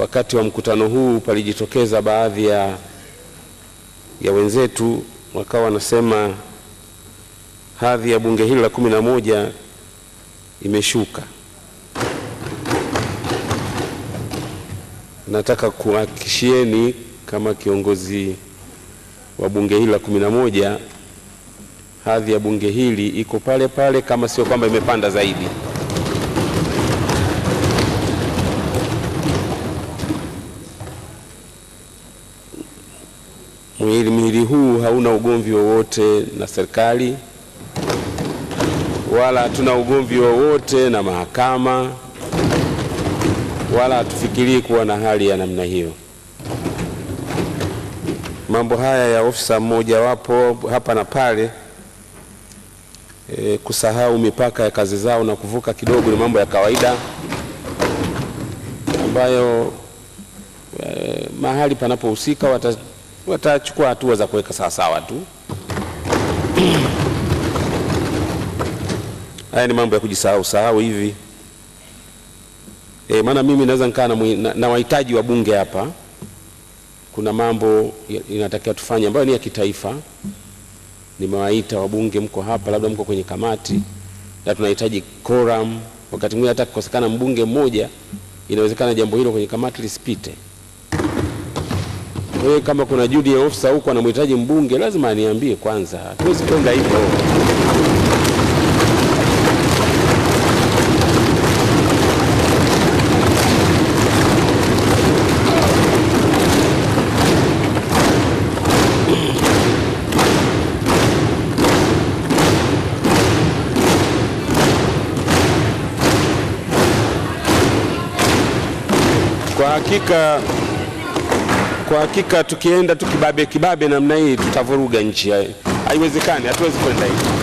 Wakati wa mkutano huu palijitokeza baadhi ya, ya wenzetu wakawa wanasema hadhi ya bunge hili la kumi na moja imeshuka. Nataka kuhakikishieni kama kiongozi wa bunge hili la kumi na moja hadhi ya bunge hili iko pale pale, kama sio kwamba imepanda zaidi. Muhimili huu hauna ugomvi wowote na serikali wala hatuna ugomvi wowote na mahakama wala hatufikirii kuwa na hali ya namna hiyo. Mambo haya ya ofisa mmoja wapo hapa na pale e, kusahau mipaka ya kazi zao na kuvuka kidogo ni mambo ya kawaida ambayo e, mahali panapohusika wata watachukua hatua za kuweka sawasawa tu. Haya ni mambo ya kujisahau sahau hivi e, maana mimi naweza nikaa na, na wahitaji wa bunge hapa. Kuna mambo inatakiwa tufanye ambayo ni ya kitaifa. Nimewaita wabunge, mko hapa, labda mko kwenye kamati na tunahitaji quorum. Wakati mwingine hata kukosekana mbunge mmoja, inawezekana jambo hilo kwenye kamati lisipite. Wewe kama kuna ya ofisa huko anamhitaji mbunge, lazima aniambie kwanza, hatuwezi kwenda hivyo. Kwa hakika kwa hakika tukienda tukibabe kibabe namna hii tutavuruga nchi, haiwezekani, hatuwezi kwenda hivi.